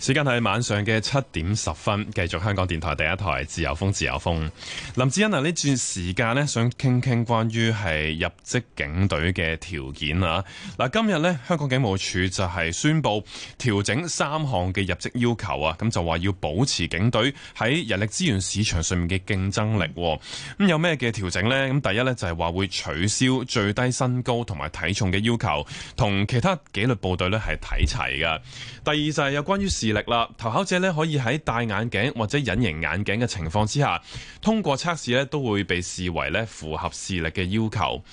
時間係晚上嘅七點十分，繼續香港電台第一台自由風，自由風。林志恩啊，呢段時間咧，想傾傾關於係入職警隊嘅條件啊。嗱，今日咧，香港警務處就係宣布調整三項嘅入職要求啊。咁就話要保持警隊喺人力資源市場上面嘅競爭力。咁有咩嘅調整咧？咁第一咧就係話會取消最低身高同埋體重嘅要求，同其他紀律部隊咧係睇齊嘅。第二就係有關於視力啦，投考者咧可以喺戴眼鏡或者隱形眼鏡嘅情況之下，通過測試咧都會被視為咧符合視力嘅要求。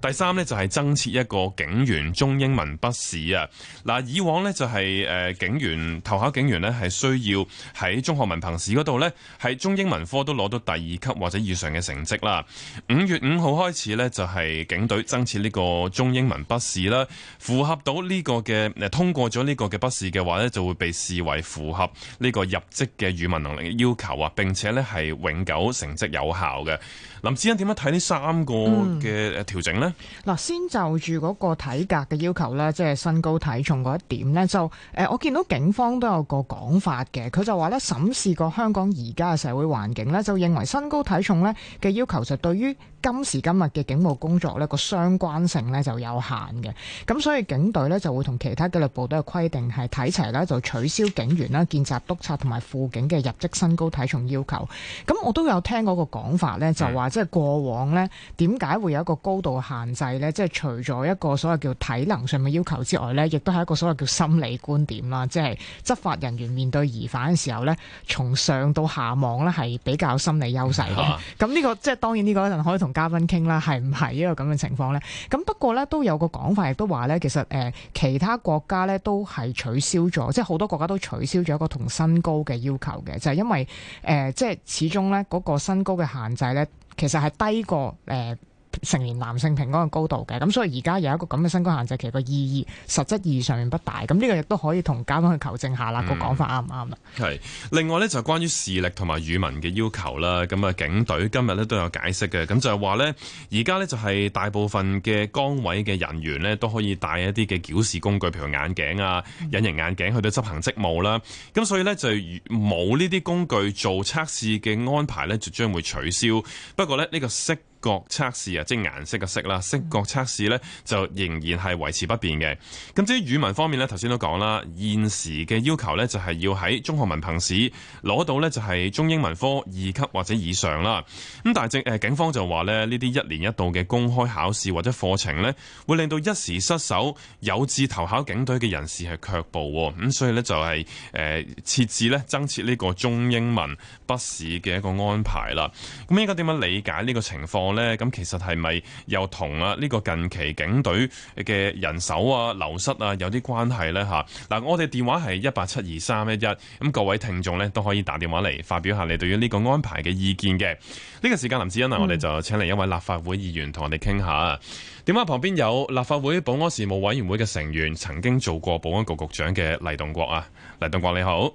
第三咧就係增設一個警員中英文筆試啊。嗱，以往咧就係誒，警員投考警員咧係需要喺中學文憑試嗰度咧喺中英文科都攞到第二級或者以上嘅成績啦。五月五號開始咧就係警隊增設呢個中英文筆試啦，符合到呢個嘅，誒通過咗呢個嘅筆試嘅話咧就會被視為符合呢個入職嘅語文能力嘅要求啊，並且呢係永久成績有效嘅。林志欣點樣睇呢三個嘅調整呢？嗱、嗯，先就住嗰個體格嘅要求呢，即係身高體重嗰一點呢。就誒，我見到警方都有個講法嘅，佢就話呢，審視過香港而家嘅社會環境呢，就認為身高體重呢嘅要求，就是對於今時今日嘅警務工作呢個相關性呢，就有限嘅。咁所以警隊呢就會同其他紀律部都有規定係睇齊咧，就取消。警員啦、見習督察同埋輔警嘅入職身高、體重要求，咁我都有聽過個講法咧，就話即係過往咧，點解會有一個高度限制咧？即係除咗一個所謂叫體能上嘅要求之外咧，亦都係一個所謂叫心理觀點啦。即係執法人員面對疑犯嘅時候咧，從上到下望咧係比較心理優勢嘅。咁，啊，呢個即係當然呢個一陣可以同嘉賓傾啦，係唔係一個咁嘅情況咧？咁不過咧都有個講法，亦都話咧，其實誒、呃、其他國家咧都係取消咗，即係好多國家都取消咗。取消咗一個同身高嘅要求嘅，就係、是、因為誒、呃，即係始終咧嗰、那個身高嘅限制咧，其實係低過誒，呃成年男性平均嘅高度嘅，咁所以而家有一個咁嘅身高限制，其實個意義，實質意義上面不大。咁呢個亦都可以同嘉賓去求證下啦，個講法啱唔啱啦？係、嗯、另外呢，就關於視力同埋語文嘅要求啦。咁啊，警隊今日呢都有解釋嘅，咁就係話呢，而家呢，就係、是、大部分嘅崗位嘅人員呢，都可以帶一啲嘅矯視工具，譬如眼鏡啊、隱、嗯、形眼鏡去到執行職務啦。咁所以呢，就冇呢啲工具做測試嘅安排呢，就將會取消。不過呢，呢、這個識覺測試啊，即係顏色嘅色啦，色覺測試呢，就仍然係維持不變嘅。咁至於語文方面呢，頭先都講啦，現時嘅要求呢，就係要喺中學文憑試攞到呢，就係中英文科二級或者以上啦。咁但係誒警方就話呢，呢啲一年一度嘅公開考試或者課程呢，會令到一時失守有志投考警隊嘅人士係卻步。咁所以呢、就是，就係誒設置呢，徹徹增設呢個中英文筆試嘅一個安排啦。咁應該點樣理解呢個情況？咧咁，其實係咪又同啊呢個近期警隊嘅人手啊流失啊有啲關係呢？嚇、啊、嗱，我哋電話係一八七二三一一，咁各位聽眾咧都可以打電話嚟發表下你對於呢個安排嘅意見嘅。呢、呢個時間，林志欣啊，我哋就請嚟一位立法會議員同我哋傾下。電話旁邊有立法會保安事務委員會嘅成員，曾經做過保安局局長嘅黎棟國啊，黎棟國你好。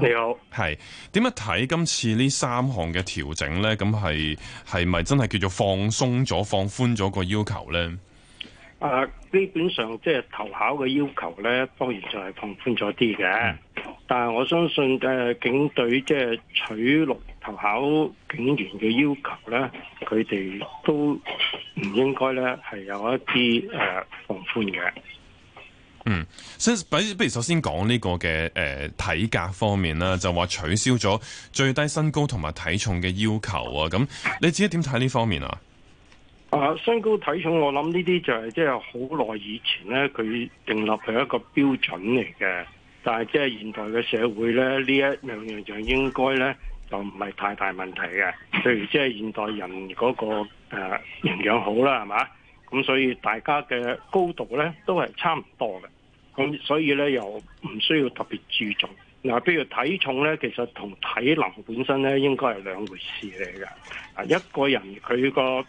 你好，係點樣睇今次呢三項嘅調整呢？咁係係咪真係叫做放鬆咗、放寬咗個要求呢？誒、呃，基本上即係投考嘅要求呢，當然就係放寬咗啲嘅。但係我相信誒、呃，警隊即係取錄投考警員嘅要求呢，佢哋都唔應該呢，係有一啲誒、呃、放寬嘅。嗯，比不如首先講呢個嘅誒、呃、體格方面啦，就話取消咗最低身高同埋體重嘅要求啊。咁你自己點睇呢方面啊？啊，身高體重我諗呢啲就係即係好耐以前咧，佢訂立嘅一個標準嚟嘅。但係即係現代嘅社會咧，這一樣樣呢一兩樣就應該咧就唔係太大問題嘅。譬如即係現代人嗰、那個誒營養好啦，係嘛？咁所以大家嘅高度咧都係差唔多嘅。咁所以咧又唔需要特別注重，嗱，比如體重咧，其實同體能本身咧應該係兩回事嚟嘅。啊，一個人佢個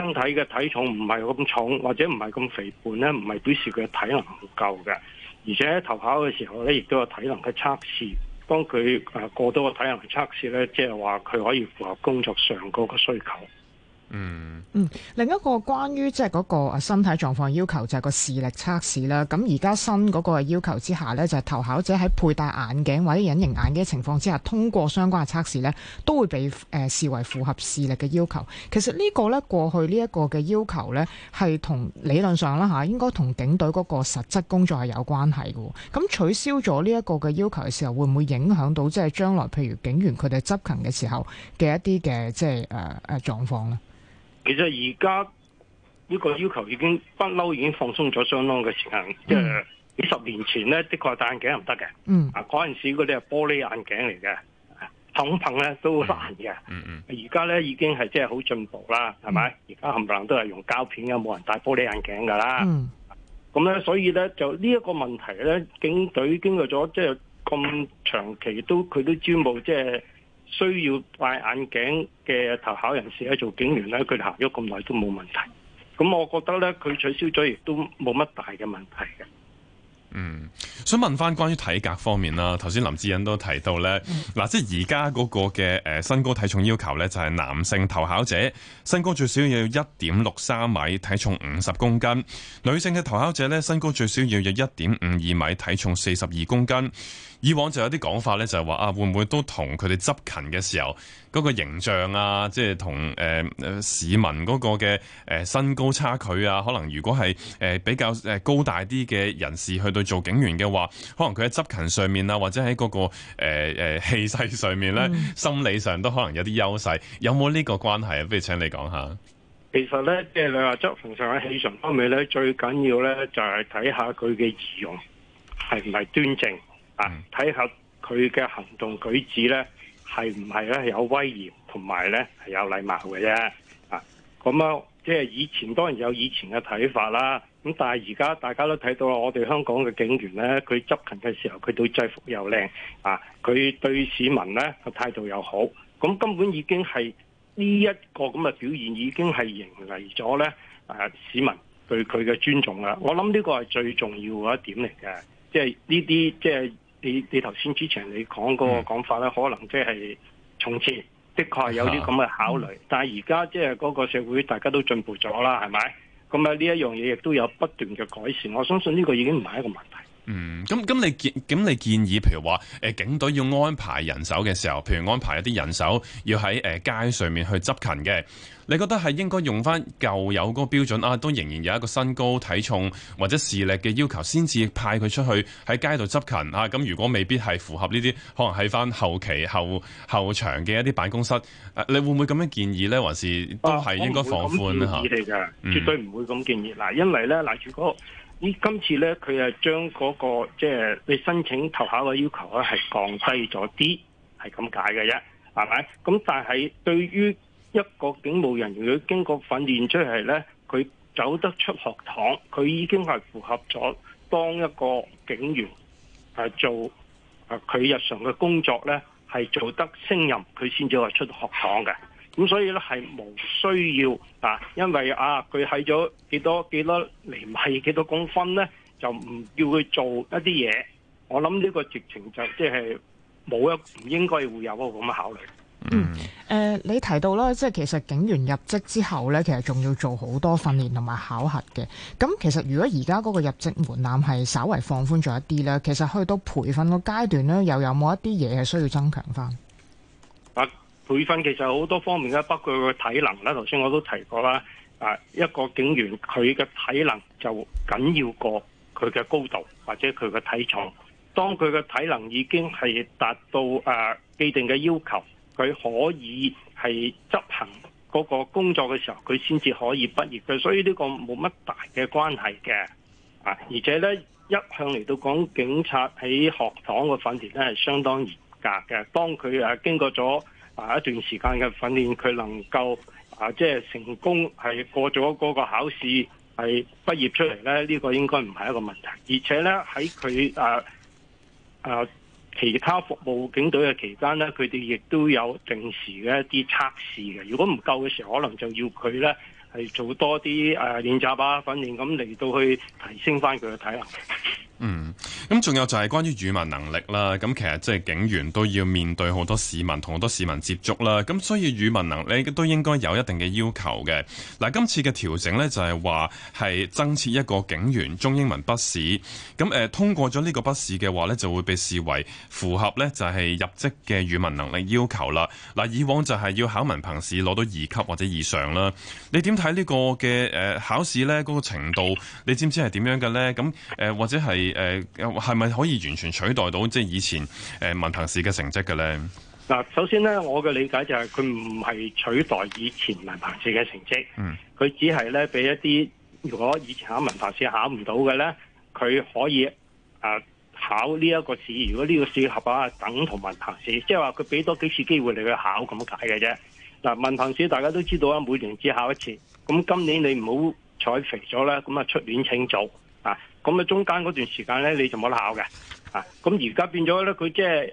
身體嘅體重唔係咁重，或者唔係咁肥胖咧，唔係表示佢嘅體能唔夠嘅。而且投考嘅時候咧，亦都有體能嘅測試，當佢啊過多個體能嘅測試咧，即係話佢可以符合工作上嗰個需求。嗯，嗯，另一個關於即係嗰個身體狀況要求就係個視力測試啦。咁而家新嗰個要求之下呢就係、是、投考者喺佩戴眼鏡或者隱形眼鏡嘅情況之下通過相關嘅測試呢，都會被誒、呃、視為符合視力嘅要求。其實呢個呢，過去呢一個嘅要求呢，係同理論上啦吓，應該同警隊嗰個實質工作係有關係嘅。咁取消咗呢一個嘅要求嘅時候，會唔會影響到即係將來譬如警員佢哋執勤嘅時候嘅一啲嘅即係誒誒狀況咧？呃其實而家呢個要求已經不嬲，已經放鬆咗相當嘅時間。即係幾十年前咧，的確戴眼鏡唔得嘅。嗯。啊，嗰陣時嗰啲係玻璃眼鏡嚟嘅，碰碰咧都難嘅。嗯嗯。而家咧已經係即係好進步啦，係咪？而家冚唪唥都係用膠片嘅，冇人戴玻璃眼鏡噶啦。嗯。咁咧，所以咧就呢一個問題咧，警隊經過咗即係咁長期都，他都佢都招募即係。需要戴眼鏡嘅投考人士咧，做警員咧，佢行咗咁耐都冇問題。咁我覺得咧，佢取消咗亦都冇乜大嘅問題嘅。嗯，想問翻關於體格方面啦，頭先林志忍都提到咧，嗱，即係而家嗰個嘅誒身高體重要求咧，就係男性投考者身高最少要一點六三米，體重五十公斤；女性嘅投考者咧，身高最少要要一點五二米，體重四十二公斤。以往就有啲講法咧，就係話啊，會唔會都同佢哋執勤嘅時候嗰個形象啊，即係同誒市民嗰個嘅誒身高差距啊，可能如果係誒比較誒高大啲嘅人士去到做警員嘅話，可能佢喺執勤上面啊，或者喺嗰、那個誒誒、呃、氣勢上面咧、嗯，心理上都可能有啲優勢。有冇呢個關係啊？不如請你講一下。其實咧，即係你話執勤上喺氣場方面咧，最緊要咧就係睇下佢嘅儀容係唔係端正。啊！睇下佢嘅行動舉止咧，係唔係咧有威嚴同埋咧係有禮貌嘅啫、啊。啊！咁啊，即係以前當然有以前嘅睇法啦。咁但係而家大家都睇到啦，我哋香港嘅警員咧，佢執勤嘅時候佢對制服又靚啊，佢對市民咧個態度又好。咁、啊、根本已經係呢一個咁嘅表現，已經係迎嚟咗咧啊！市民對佢嘅尊重啦。我諗呢個係最重要嘅一點嚟嘅，即係呢啲即係。你你頭先之前你講嗰個講法咧，嗯，可能即係從前的確係有啲咁嘅考慮，哎，但係而家即係嗰個社會大家都進步咗啦，係咪？咁啊呢一樣嘢亦都有不斷嘅改善，我相信呢個已經唔係一個問題。嗯，咁咁你建，咁你建議，譬如話，誒、呃，警隊要安排人手嘅時候，譬如安排一啲人手要，要喺誒街上面去執勤嘅，你覺得係應該用翻舊有嗰個標準啊？都仍然有一個身高、體重或者視力嘅要求，先至派佢出去喺街度執勤啊？咁、嗯、如果未必係符合呢啲，可能喺翻後期後後場嘅一啲辦公室，啊、你會唔會咁樣建議呢？還是都係應該放寬啦吓？絕對唔會咁建議嘅，絕對唔會咁建議。嗱，因為呢嗱，住嗰個。今次呢，佢啊將嗰、嗰個即係、即係、你申請投考嘅要求咧，係降低咗啲，係咁解嘅啫，係咪？咁但係對於一個警務人員，佢經過訓練出嚟呢，佢走得出學堂，佢已經係符合咗當一個警員係做啊佢日常嘅工作呢，係做得勝任，佢先至話出學堂嘅。咁、嗯、所以咧係冇需要啊，因為啊，佢喺咗幾多幾多釐米幾多公分咧，就唔叫佢做一啲嘢。我諗呢個直情就即係冇一唔應該會有嗰個咁嘅考慮。嗯，呃、你提到啦，即係其實警員入職之後咧，其實仲要做好多訓練同埋考核嘅。咁其實如果而家嗰個入職門檻係稍為放寬咗一啲咧，其實去到培訓個階段咧，又有冇一啲嘢係需要增強翻？培訓其實好多方面嘅，包括佢個體能啦。頭先我都提過啦，啊一個警員佢嘅體能就緊要過佢嘅高度要要或者佢嘅體重。當佢嘅體能已經係達到誒、啊、既定嘅要求，佢可以係執行嗰個工作嘅時候，佢先至可以畢業嘅。所以呢個冇乜大嘅關係嘅，啊而且咧一向嚟到講警察喺學堂嘅訓練咧係相當嚴格嘅。當佢誒、啊、經過咗啊！一段時間嘅訓練，佢能夠啊，即係成功係過咗嗰個考試，係畢業出嚟咧。呢個應該唔係一個問題。而且咧，喺佢啊啊其他服務警隊嘅期間咧，佢哋亦都有定時嘅一啲測試嘅。如果唔夠嘅時候，可能就要佢咧。係做多啲誒練習啊，訓練咁嚟到去提升翻佢嘅體能。嗯，咁仲有就係關於語文能力啦。咁其實即係警員都要面對好多市民，同好多市民接觸啦。咁所以語文能力都應該有一定嘅要求嘅。嗱，今次嘅調整呢，就係話係增設一個警員中英文筆試。咁通過咗呢個筆試嘅話呢，就會被視為符合呢就係、是、入職嘅語文能力要求啦。嗱，以往就係要考文憑試攞到二級或者以上啦。你點睇？喺呢個嘅誒考試咧，嗰個程度，你知唔知係點樣嘅咧？咁誒、呃，或者係誒，係、呃、咪可以完全取代到即係以前誒、呃、文憑試嘅成績嘅咧？嗱，首先咧，我嘅理解就係佢唔係取代以前文憑試嘅成績，嗯，佢只係咧俾一啲如果以前文考文憑試考唔到嘅咧，佢可以誒、呃、考呢一個試。如果呢個試合格等同文憑試，即係話佢俾多幾次機會你去考咁解嘅啫。嗱、呃，文憑試大家都知道啊，每年只考一次。咁今年你唔好彩肥咗啦，咁啊出年請早啊，咁啊中間嗰段時間咧你就冇得考嘅啊，咁而家變咗咧佢即係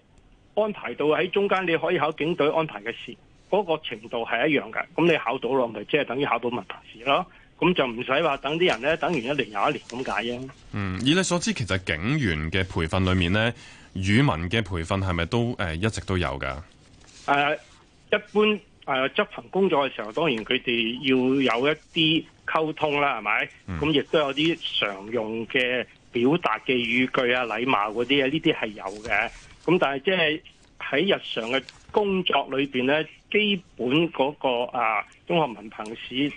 安排到喺中間你可以考警隊安排嘅事，嗰、嗰個程度係一樣嘅，咁你考到咯，咪即係等於考到文憑試咯，咁就唔使話等啲人咧等完一年又一年咁解啊。嗯，以你所知，其實警員嘅培訓裏面咧，語文嘅培訓係咪都誒、呃、一直都有噶？誒、啊，一般。誒、啊、執行工作嘅時候，當然佢哋要有一啲溝通啦，係咪？咁亦都有啲常用嘅表達嘅語句啊、禮貌嗰啲啊，呢啲係有嘅。咁但係即係喺日常嘅工作裏邊咧，基本嗰、嗰個啊中學文憑試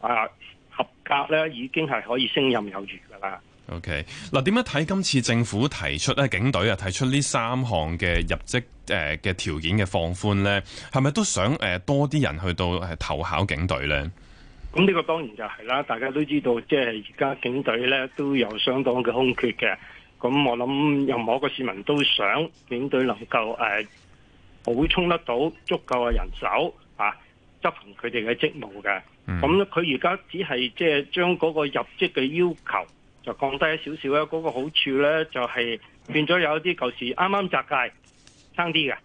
啊合格咧，已經係可以勝任有餘噶啦。O K. 嗱，點樣睇今次政府提出咧，警隊啊，提出這三項的，呃、的的呢三項嘅，入職誒嘅條件嘅放寬咧，係咪都想誒、呃、多啲人去到係投考警隊咧？咁呢個當然就係啦，大家都知道，即係而家警隊咧都有相當嘅空缺嘅。咁我諗任何一個市民都想警隊能夠誒補充得到足夠嘅人手啊，執行佢哋嘅職務嘅。咁佢而家只係即係將嗰個入職嘅要求。就降低一少少咧，嗰、那個好處咧就係、是、變咗有啲舊時啱啱摘界，差啲嘅，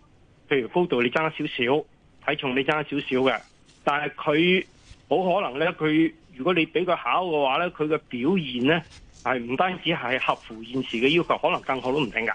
譬如高度你差少少，體重你差少少嘅，但係佢好可能咧，佢如果你俾佢考嘅話咧，佢嘅表現咧係唔單止係合乎現時嘅要求，可能更好都唔定㗎。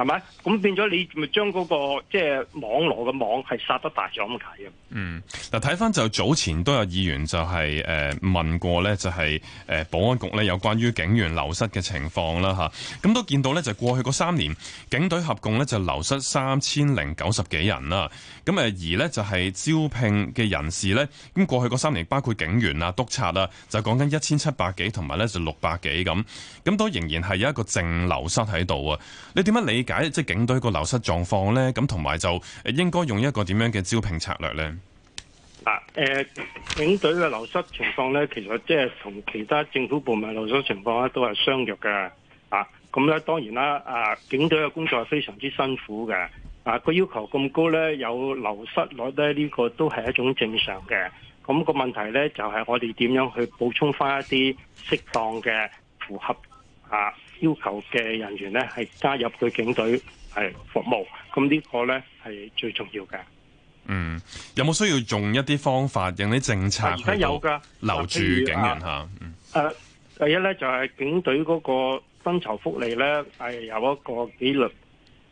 係咪？咁變咗你咪將嗰、那個即係、就是、網絡嘅網係殺得大咗咁解嘅？嗯，嗱睇翻就早前都有議員就係、是、誒、呃、問過咧，就係、是、誒、呃、保安局咧有關於警員流失嘅情況啦吓，咁、啊嗯、都見到咧，就過去嗰三年警隊合共咧就流失三千零九十幾人啦。咁、啊、誒而呢，就係、是、招聘嘅人士咧，咁過去嗰三年包括警員啊、督察啊，就講緊一千七百幾同埋咧就六百幾咁。咁都仍然係有一個淨流失喺度啊！你點樣理解？解即係警隊個流失狀況咧，咁同埋就應該用一個點樣嘅招聘策略咧？啊，誒，警隊嘅流失情況咧，其實即係同其他政府部門的流失情況咧都係相若嘅。啊，咁咧當然啦，啊，警隊嘅工作係非常之辛苦嘅。啊，個要求咁高咧，有流失率咧，呢、這個都係一種正常嘅。咁、啊、個問題咧就係、是、我哋點樣去補充翻一啲適當嘅符合啊？要求嘅人員咧，係加入佢警隊係服務，咁呢個咧係最重要嘅。嗯，有冇需要用一啲方法，用啲政策去留住警員嚇？誒、啊啊，第一咧就係、是、警隊嗰個薪酬福利咧係、哎、有一個紀律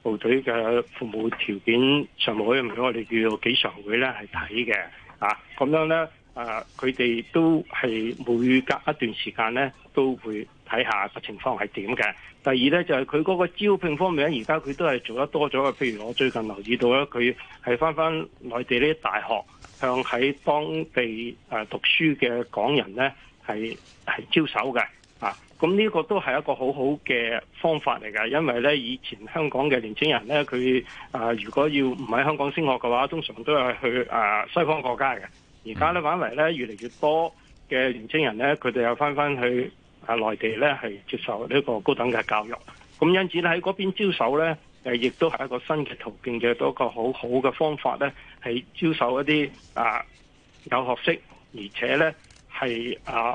部隊嘅服務條件常務委員會，我哋叫做紀常會咧係睇嘅。啊，咁樣咧，誒、啊，佢哋都係每隔一段時間咧都會。睇下個情況係點嘅。第二呢，就係佢嗰個招聘方面，而家佢都係做得多咗。譬如我最近留意到咧，佢係翻翻內地呢啲大學，向喺當地誒、呃、讀書嘅港人呢係係招手嘅。啊，咁呢個都係一個好好嘅方法嚟㗎。因為呢以前香港嘅年輕人呢，佢、呃、如果要唔喺香港升學嘅話，通常都係去誒、呃、西方國家嘅。而家呢，反為呢越嚟越多嘅年輕人呢，佢哋又翻翻去。喺內地咧，係接受呢個高等嘅教育，咁因此咧喺嗰邊招手咧，誒亦都係一個新嘅途徑嘅一個好好嘅方法咧，係招手一啲啊有學識，而且咧係啊，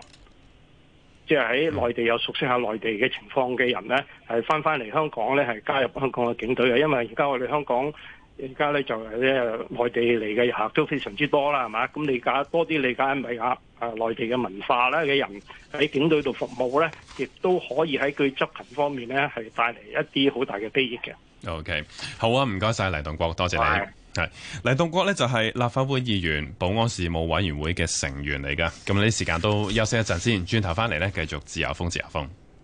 即係喺內地又熟悉下內地嘅情況嘅人咧，係翻翻嚟香港咧，係加入香港嘅警隊嘅，因為而家我哋香港。而家咧就係咧，外地嚟嘅客都非常之多啦，係嘛？咁你加多啲，你加咪啊啊，內地嘅文化咧嘅人喺警隊度服務咧，亦都可以喺佢執行方面咧，係帶嚟一啲好大嘅得益嘅。OK，好啊，唔該晒。黎棟國，多謝你。係，黎棟國呢，就係立法會議員、保安事務委員會嘅成員嚟噶。咁呢時間都休息一陣先，轉頭翻嚟咧，繼續自由風自由風。